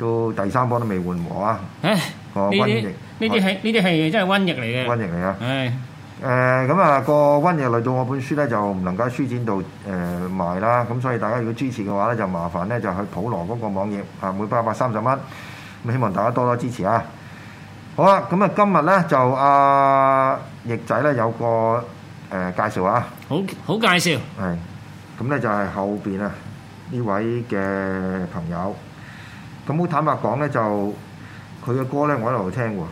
到第三波都未緩和啊！個瘟疫，呢啲係呢啲係真係瘟疫嚟嘅。瘟疫嚟啊！係誒咁啊，個瘟疫嚟到我本書咧就唔能夠書展度誒賣啦，咁所以大家如果支持嘅話咧，就麻煩咧就去普羅嗰個網頁啊，每八百三十蚊，咁希望大家多多支持啊！好啦，咁啊今日咧就阿翼仔咧有個誒介紹啊！好好介紹。係咁咧，就係後邊啊呢位嘅朋友。咁好坦白講咧，就佢嘅歌咧，我一路聽喎。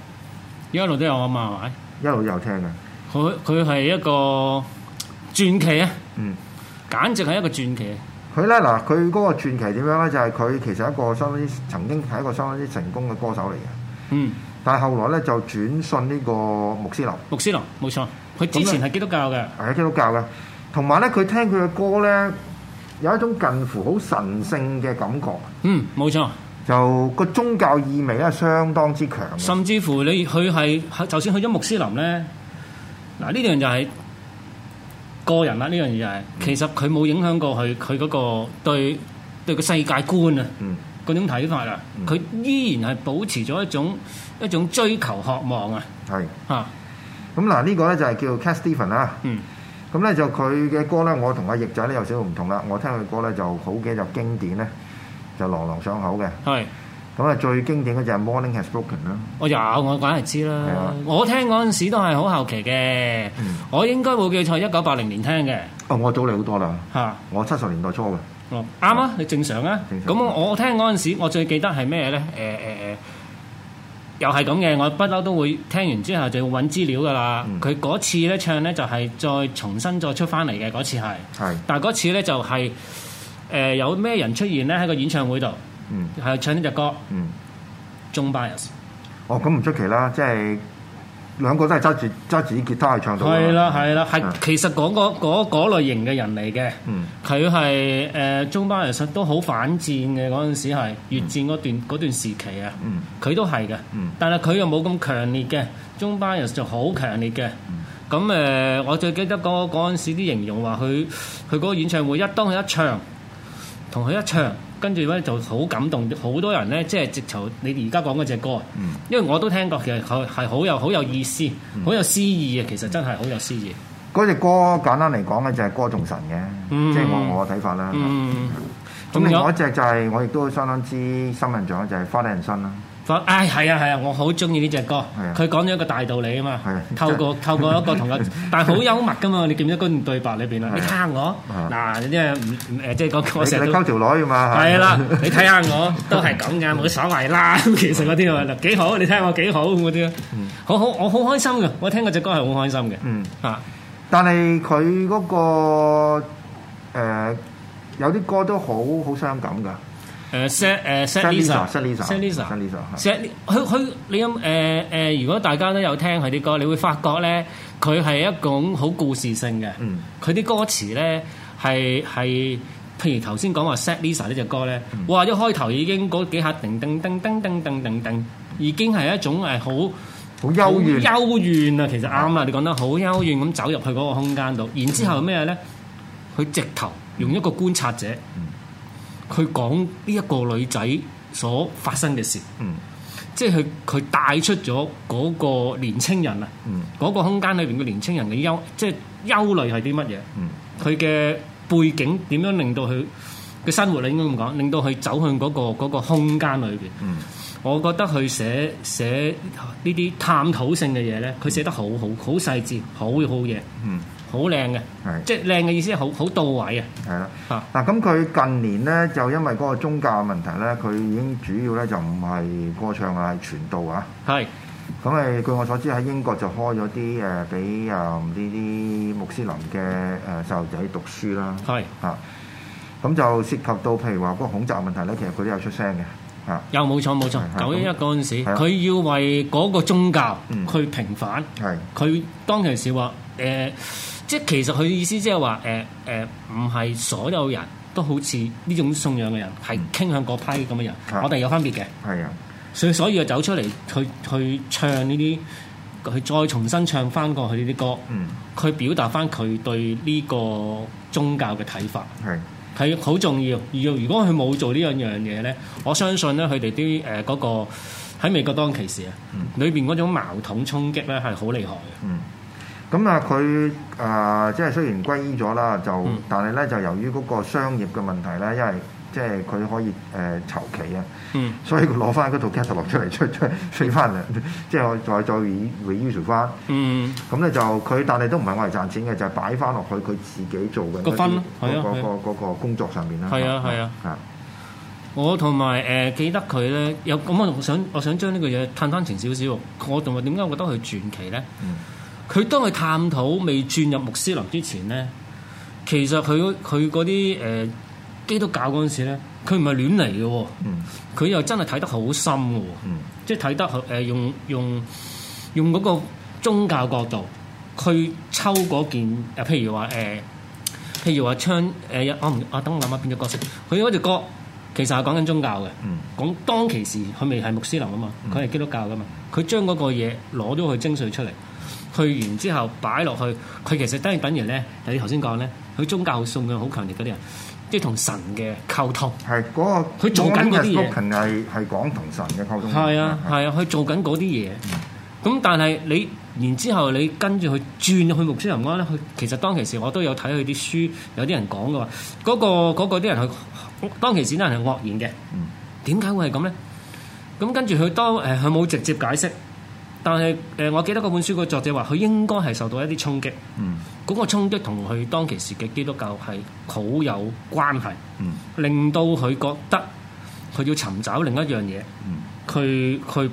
一路都有啊嘛，係咪？一路都有聽嘅。佢佢係一個傳奇啊！嗯，簡直係一個傳奇。佢咧嗱，佢嗰個傳奇點樣咧？就係、是、佢其實一個相當於曾經係一個相當之相當成功嘅歌手嚟嘅。嗯。但係後來咧就轉信呢個穆斯林。穆斯林，冇錯。佢之前係基督教嘅。係基督教嘅。同埋咧，佢聽佢嘅歌咧，有一種近乎好神聖嘅感覺。嗯，冇錯。就個宗教意味咧，相當之強。甚至乎你去係，就算去咗穆斯林咧，嗱、啊、呢樣就係個人啦。呢樣嘢就係、是，其實佢冇影響過佢佢嗰個對對個世界觀啊，嗰、嗯、種睇法啦。佢、嗯、依然係保持咗一種一種追求渴望啊。係、這個、啊，咁嗱、嗯嗯、呢個咧就係叫 Cat Stevens 啦。嗯。咁咧就佢嘅歌咧，我同阿翼仔咧有少少唔同啦。我聽佢嘅歌咧就好嘅，就經典咧。就朗朗上口嘅，係咁啊！最經典嘅就係 Morning Has Broken 啦。我有，我梗係知啦。我聽嗰陣時都係好後期嘅，我應該冇記錯，一九八零年聽嘅。哦，我早你好多啦。嚇！我七十年代初嘅。哦，啱啊，你正常啊。正常啊。咁我聽嗰陣時，我最記得係咩咧？誒誒誒，又係咁嘅。我不嬲都會聽完之後就要揾資料噶啦。佢嗰次咧唱咧就係再重新再出翻嚟嘅嗰次係。係。但係嗰次咧就係。誒有咩人出現咧？喺個演唱會度，係唱呢隻歌。Joan Baez，哦，咁唔出奇啦，即係兩個都係揸住揸住吉他去唱到啦。係啦，係啦，係其實嗰個嗰類型嘅人嚟嘅。佢係誒，Joan Baez，實都好反戰嘅，嗰陣時係越戰嗰段嗰段時期啊。佢都係嘅，但係佢又冇咁強烈嘅。Joan Baez 就好強烈嘅。咁誒，我最記得嗰嗰陣時啲形容話，佢佢嗰個演唱會一當佢一唱。同佢一唱，跟住咧就好感動，好多人咧即係直頭你而家講嗰隻歌，嗯、因為我都聽過，其實係係好有好有意思，好、嗯、有詩意嘅，其實真係好有詩意。嗰隻歌簡單嚟講咧就係、是、歌頌神嘅，即係我我嘅睇法啦。嗯，咁另外一隻就係、是嗯、我亦都相當之深印象就係、是、花底人生啦。唉，係啊，係啊，我好中意呢隻歌，佢講咗一個大道理啊嘛。透過透過一個同阿，但係好幽默噶嘛。你見唔見一句對白裏邊啦，你睇下我，嗱，即係唔唔誒，即係講我成日溝條女啊嘛。係啦，你睇下我，都係咁嘅，冇所謂啦。咁其實嗰啲啊，幾好，你睇下我幾好嗰啲啊。好好，我好開心嘅，我聽嗰隻歌係好開心嘅。嗯，嚇，但係佢嗰個誒有啲歌都好好傷感噶。誒 Sad 誒 Sad Lisa，Sad Lisa，Sad Lisa，Sad，佢佢你諗誒，誒，如果大家都有聽佢啲歌，你會發覺咧，佢係一種好故事性嘅，佢啲歌詞咧係，係，譬如頭先講話 Sad Lisa 呢隻歌咧，哇一開頭已經嗰幾下噔噔噔噔噔噔噔噔，已經係一種係好好幽怨幽怨啊。其實啱啊，你講得好幽怨咁走入去嗰個空間度，然之後咩咧？佢直頭用一個觀察者。佢講呢一個女仔所發生嘅事，嗯、即係佢佢帶出咗嗰個年青人啊，嗰、嗯、個空間裏邊嘅年青人嘅憂，即、就、係、是、憂慮係啲乜嘢？佢嘅、嗯、背景點樣令到佢嘅生活？你應該咁講，令到佢走向嗰、嗰個嗰、嗰個空間裏邊。嗯、我覺得佢寫寫呢啲探討性嘅嘢咧，佢寫得好好，好細緻，好好嘢。嗯好靚嘅，即係靚嘅意思，好好到位啊！係啦，嗱咁佢近年咧就因為嗰個宗教嘅問題咧，佢已經主要咧就唔係歌唱啊，係傳道啊。係，咁係據我所知喺英國就開咗啲誒俾啊呢啲穆斯林嘅誒細路仔讀書啦。係啊，咁就涉及到譬如話嗰個恐襲問題咧，其實佢都有出聲嘅啊。有冇錯冇錯，九一一嗰陣時，佢要為嗰個宗教去平反。係，佢當其時話誒。即係其實佢意思即係話誒誒，唔、呃、係、呃、所有人都好似呢種信仰嘅人，係、嗯、傾向嗰批咁嘅人，啊、我哋有分別嘅。係啊，所、啊、所以就走出嚟去去，去唱呢啲，去再重新唱翻過去呢啲歌，嗯，去表達翻佢對呢個宗教嘅睇法，係係好重要。要如果佢冇做呢樣嘢咧，我相信咧佢哋啲誒嗰個喺美國當其時啊，嗯，裏邊嗰種矛盾衝擊咧係好厲害嘅，嗯。咁啊，佢啊、嗯，即係雖然歸依咗啦，就但係咧，就由於嗰個商業嘅問題咧，因為即係佢可以誒籌期啊，嗯、所以佢攞翻嗰套 catalog 出嚟出出飛翻嚟，即係再再以 reissue 翻。嗯，咁咧就佢，但係都唔係我嚟賺錢嘅，就係擺翻落去佢自己做嘅嗰分，嗰、嗰個嗰個工作上面啦。係啊係啊，啊，啊，啊，啊！我同埋誒記得佢咧，有咁我想我想將呢個嘢探翻前少少。我同埋點解我覺得佢傳奇咧？嗯佢當佢探討未轉入穆斯林之前咧，其實佢佢嗰啲誒基督教嗰陣時咧，佢唔係亂嚟嘅喎，佢、嗯、又真係睇得好深嘅，嗯、即係睇得誒、呃、用用用嗰個宗教角度去抽嗰件、呃，譬如話誒、呃，譬如話唱誒，我唔我等我諗下邊隻角色，佢嗰隻歌其實係講緊宗教嘅，咁、嗯、當其時佢未係穆斯林啊嘛，佢係基督教㗎嘛，佢將嗰個嘢攞咗去徵稅出嚟。去完之後擺落去，佢其實等於等於咧，你頭先講咧，佢宗教信仰好強烈嗰啲人，即係同神嘅溝通。係嗰個，佢做緊嗰啲嘢。當天嘅係講同神嘅溝通。係啊係啊，佢、啊、做緊嗰啲嘢。咁、嗯嗯、但係你然之後，後你跟住佢轉去穆斯林安咧，佢其實當其時我都有睇佢啲書，有啲人講嘅話，嗰、嗰個嗰、嗰個啲人佢當其時啲人係惡言嘅。點解會係咁咧？咁跟住佢當誒佢冇直接解釋。但係誒，我記得嗰本書嘅作者話，佢應該係受到一啲衝擊。嗯，嗰個衝擊同佢當其時嘅基督教係好有關係。嗯，令到佢覺得佢要尋找另一樣嘢。嗯，佢佢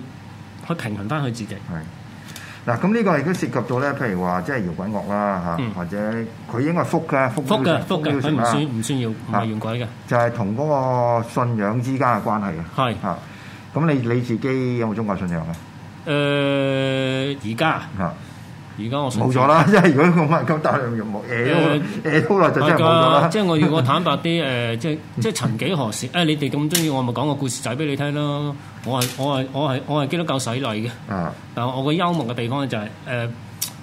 去平衡翻佢自己。係嗱，咁呢個亦都涉及到咧，譬如話即係搖滾樂啦，嚇或者佢應該係復嘅，復嘅復嘅，唔算唔算搖唔係搖滾嘅，就係同嗰個信仰之間嘅關係嘅係嚇。咁你你自己有冇宗教信仰咧？誒而家啊，而家、呃、我冇咗啦，即係如果我咁樣夠大量慾望，誒誒好耐就真係冇咗啦。即係我如果坦白啲誒、呃，即係即係曾幾何時？誒、 哎、你哋咁中意我，咪講個故事仔俾你聽咯。我係我係我係我係基督教洗禮嘅。 但我個幽默嘅地方就係、是、誒，誒、呃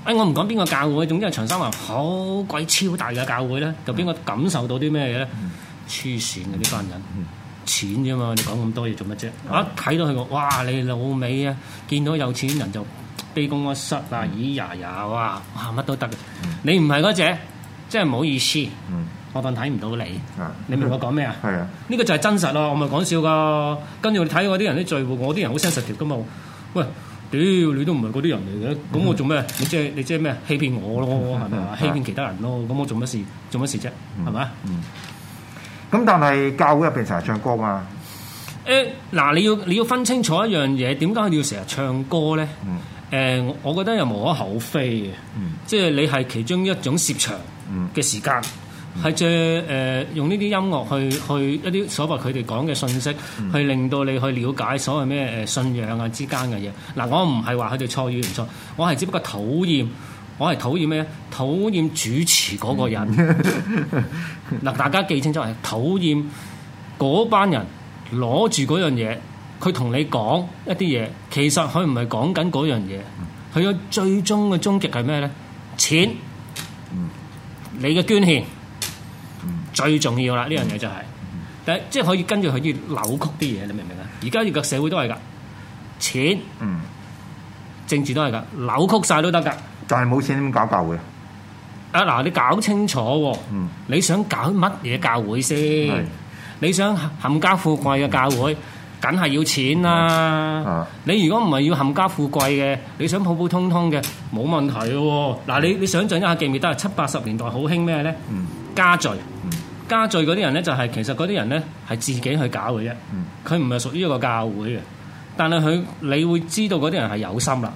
哎、我唔講邊個教會，總之係長生話好鬼超大嘅教會咧，就邊個感受到啲咩嘢咧？黐線嘅呢班人、嗯。錢啫嘛，你講咁多嘢做乜啫？我一睇到佢個，哇！你老味啊，見到有錢人就卑躬屈膝啊，咦呀呀，哇，乜都得嘅。你唔係嗰隻，真係唔好意思。Uh. 我當睇唔到你，你明我講咩啊？呢、uh. 個就係真實咯，我咪講笑㗎。跟住你睇我啲人啲聚會，我啲人好真實條噶嘛。喂，屌，你都唔係嗰啲人嚟嘅，咁我做咩？你即、就、係、是、你即係咩？欺騙我咯，係咪啊？欺騙其他人咯，咁我做乜事？做乜事啫？係咪？咁但係教會入邊成日唱歌嘛、欸？誒嗱，你要你要分清楚一樣嘢，點解要成日唱歌咧？誒、嗯呃，我覺得又無可厚非嘅，嗯、即係你係其中一種攝場嘅時間，係借誒用呢啲音樂去去一啲所謂佢哋講嘅信息，嗯、去令到你去了解所謂咩誒信仰啊之間嘅嘢。嗱，我唔係話佢哋錯與唔錯，我係只不過討厭。我係討厭咩咧？討厭主持嗰個人。嗱， 大家記清楚係討厭嗰班人攞住嗰樣嘢，佢同你講一啲嘢，其實佢唔係講緊嗰樣嘢。佢嘅最終嘅終極係咩咧？錢， 你嘅捐獻 最重要啦。呢樣嘢就係，但即係可以跟住佢，要扭曲啲嘢，你明唔明啊？而家呢個社會都係噶，錢， 政治都係噶，扭曲晒都得噶。但係冇錢點搞教會啊！嗱，你搞清楚喎，你想搞乜嘢教會先？你想冚家富貴嘅教會，梗係要錢啦。你如果唔係要冚家富貴嘅，你想普普通通嘅，冇問題喎。嗱，你你想象一下記唔記得？七八十年代好興咩咧？家罪。家罪嗰啲人咧就係其實嗰啲人咧係自己去搞嘅啫。佢唔係屬於一個教會嘅，但係佢你會知道嗰啲人係有心啦。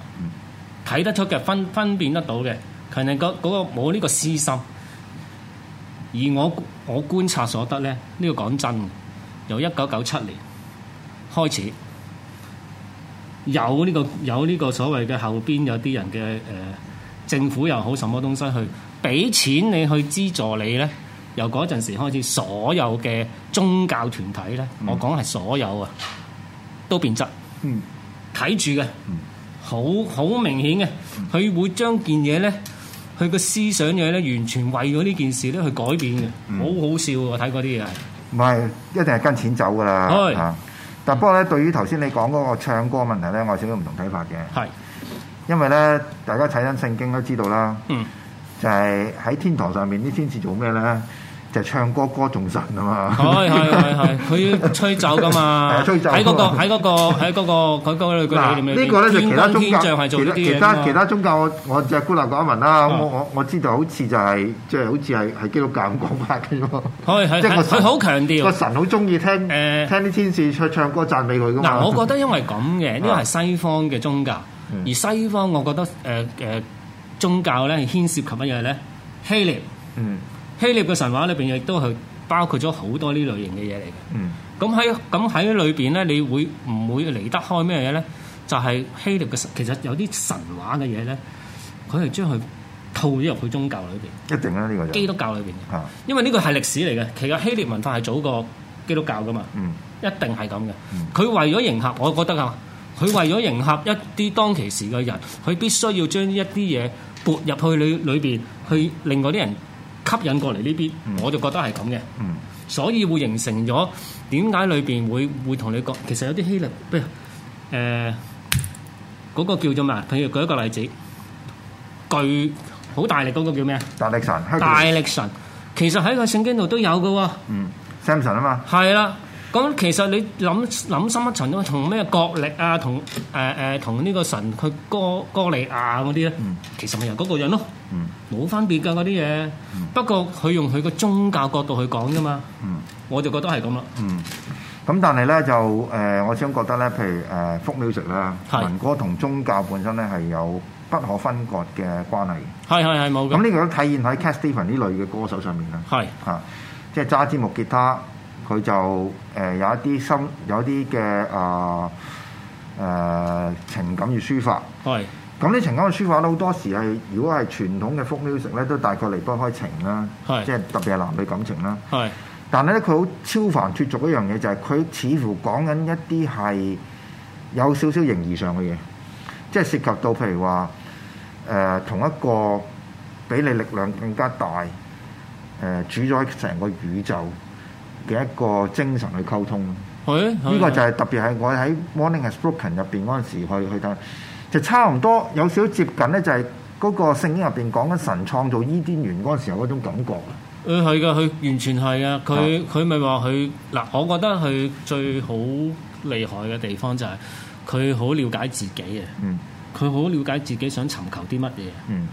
睇得出嘅，分分辨得到嘅，佢哋嗰個冇呢個私心，而我我觀察所得呢，呢個講真，由一九九七年開始有呢個有呢個所謂嘅後邊有啲人嘅誒政府又好，什麼東西去俾錢你去資助你呢？由嗰陣時開始，所有嘅宗教團體呢，嗯、我講係所有啊，都變質。嗯，睇住嘅。嗯好好明顯嘅，佢、嗯、會將件嘢咧，佢個思想嘢咧，完全為咗呢件事咧去改變嘅，好、嗯、好笑，我睇過啲嘢，唔係一定係跟錢走噶啦，嚇是、啊！但不過咧，對於頭先你講嗰個唱歌問題咧，我少少唔同睇法嘅，係是因為咧，大家睇緊聖經都知道啦，嗯、就係喺天堂上面啲天使做咩咧？唱歌歌仲神啊嘛！係係係，佢吹奏噶嘛？吹奏喺嗰個喺嗰個喺嗰個佢個裏邊點樣？呢個咧就其他宗教，其他其他其他宗教，我我就孤陋寡聞啦。我我我知道好似就係即係好似係係基督教咁講法嘅，佢好強調個神好中意聽誒聽啲天使唱唱歌讚美佢噶嘛？嗱，我覺得因為咁嘅呢個係西方嘅宗教，而西方我覺得誒誒宗教咧牽涉及乜嘢咧欺凌嗯。希臘嘅神話裏邊，亦都係包括咗好多呢類型嘅嘢嚟嘅。咁喺咁喺裏邊咧，你會唔會離得開咩嘢咧？就係、是、希臘嘅神，其實有啲神話嘅嘢咧，佢係將佢套咗入去宗教裏邊。一定啦、啊，呢、這個、就是、基督教裏邊嘅，啊、因為呢個係歷史嚟嘅。其實希臘文化係早過基督教㗎嘛，嗯、一定係咁嘅。佢、嗯、為咗迎合，我覺得啊，佢為咗迎合一啲當其時嘅人，佢必須要將一啲嘢撥入去裏裏邊，去另外啲人，吸引過嚟呢邊，嗯、我就覺得係咁嘅，嗯、所以會形成咗點解裏邊會會同你講，其實有啲希臘，不如，誒、呃、嗰、嗰個叫做咩啊？譬如舉一個例子，巨好大力嗰個叫咩啊？力大力神，大力神，其實喺個聖經度都有嘅喎、啊。嗯，Samson 啊嘛。係啦，咁其實你諗諗深一層都同咩角力啊，同誒誒同呢個神佢哥哥利亞嗰啲咧，嗯、其實咪由嗰個人咯。嗯，冇分別噶嗰啲嘢，嗯、不過佢用佢個宗教角度去講啫嘛。嗯，我就覺得係咁啦。嗯，咁但係咧就誒、呃，我始終覺得咧，譬如誒，folk music 民歌同宗教本身咧係有不可分割嘅關係。係係係冇。咁呢個都體現喺 Cat Stevens 呢類嘅歌手上面啦。係啊是、嗯，即係揸支木吉他，佢就誒、呃、有一啲心，有一啲嘅啊誒情感要抒發。係。 是 咁呢，情感嘅抒發咧，好多時係如果係傳統嘅 folk music 咧，都大概離不開情啦，是即係特別係男女感情啦。是但係咧，佢好超凡脫俗一樣嘢，就係、是、佢似乎講緊一啲係有少少形而上嘅嘢，即係涉及到譬如話誒、呃、同一個比你力量更加大誒、呃、主宰成個宇宙嘅一個精神去溝通。呢個就係、是、特別係我喺 Morning Has Broken 入邊嗰陣時去去睇。去就差唔多有少少接近咧，就係嗰個聖經入邊講緊神創造伊甸園嗰陣時候嗰種感覺、呃。誒係噶，佢完全係啊！佢佢咪話佢嗱，我覺得佢最好厲害嘅地方就係佢好了解自己啊！嗯，佢好了解自己想尋求啲乜嘢。嗯，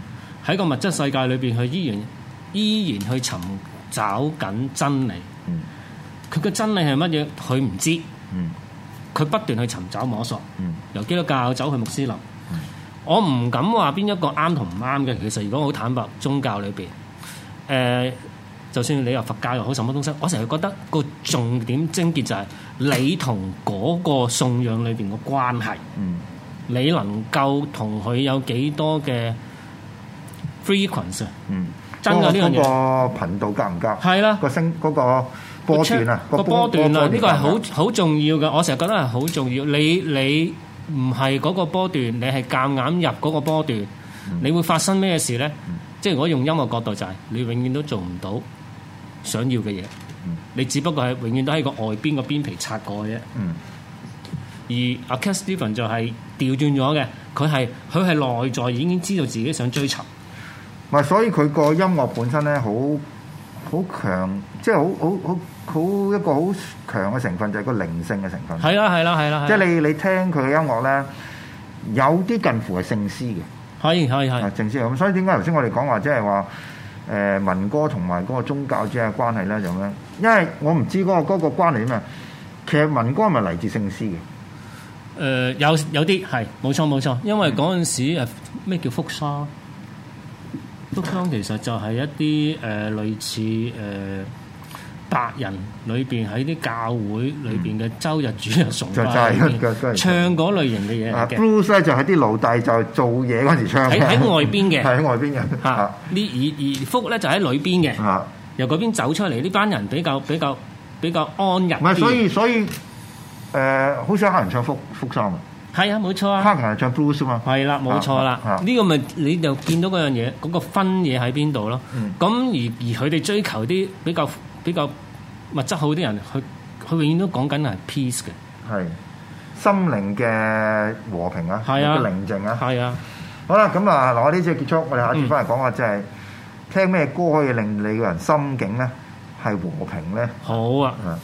喺個物質世界裏邊，佢依然依然去尋找緊真理。嗯，佢嘅真理係乜嘢？佢唔知。嗯。佢不斷去尋找摸索，由基督教走去穆斯林，嗯、我唔敢話邊一個啱同唔啱嘅。其實如果好坦白，宗教裏邊，誒、呃，就算你話佛教又好，什麼東西，我成日覺得個重點症結就係、是、你同嗰個信仰裏邊嘅關係，嗯、你能夠同佢有幾多嘅 frequency，嗯，真嘅呢樣嘢，嗰、嗯這個、頻道夾唔夾？係啦，的那個聲嗰個。波段個波段啊，呢個係好好重要嘅，我成日覺得係好重要。你你唔係嗰個波段，你係夾硬入嗰個波段，嗯、你會發生咩事呢？嗯、即係如果用音樂角度就係、是，你永遠都做唔到想要嘅嘢，嗯、你只不過係永遠都喺個外邊個邊皮擦過嘅啫。嗯、而阿 Cat Stevens 就係調轉咗嘅，佢係佢係內在已經知道自己想追尋。唔、嗯、所以佢個音樂本身呢，好。好強，即係好好好好一個好強嘅成分，就係、是、個靈性嘅成分。係啦，係啦，係啦。即係你你聽佢嘅音樂咧，有啲近乎係聖詩嘅。係係係。正詩咁，所以點解頭先我哋講話即係話誒民歌同埋嗰個宗教之間嘅關係咧？就咁樣？因為我唔知嗰、那個嗰、那個關係咩，其實民歌係咪嚟自聖詩嘅？誒、呃、有有啲係冇錯冇錯，因為嗰陣時咩叫復生。福方其實就係一啲誒、呃、類似誒、呃、白人裏邊喺啲教會裏邊嘅周日主日、嗯、崇拜，就是就是、唱嗰類型嘅嘢。Blues 咧就喺啲奴隸就做嘢嗰時唱，喺喺外邊嘅，喺外邊嘅。嚇、啊，啲耳耳福咧就喺裏邊嘅，啊、由嗰邊走出嚟呢班人比較比較比較安逸。唔係，所以所以誒，好少黑人唱福福喪。係啊，冇錯啊。佢係著 blue 啊嘛。係啦、啊，冇錯啦。呢、啊啊、個咪你就見到嗰樣嘢，嗰、那個分嘢喺邊度咯。咁、嗯、而而佢哋追求啲比較比較物質好啲人，佢佢永遠都講緊係 peace 嘅。係，心靈嘅和平啊，啊，寧靜啊。係啊。好啦，咁啊，嗱呢節結束，我哋下次翻嚟講下，即係、嗯、聽咩歌可以令你個人心境咧係和平咧。好啊。嗯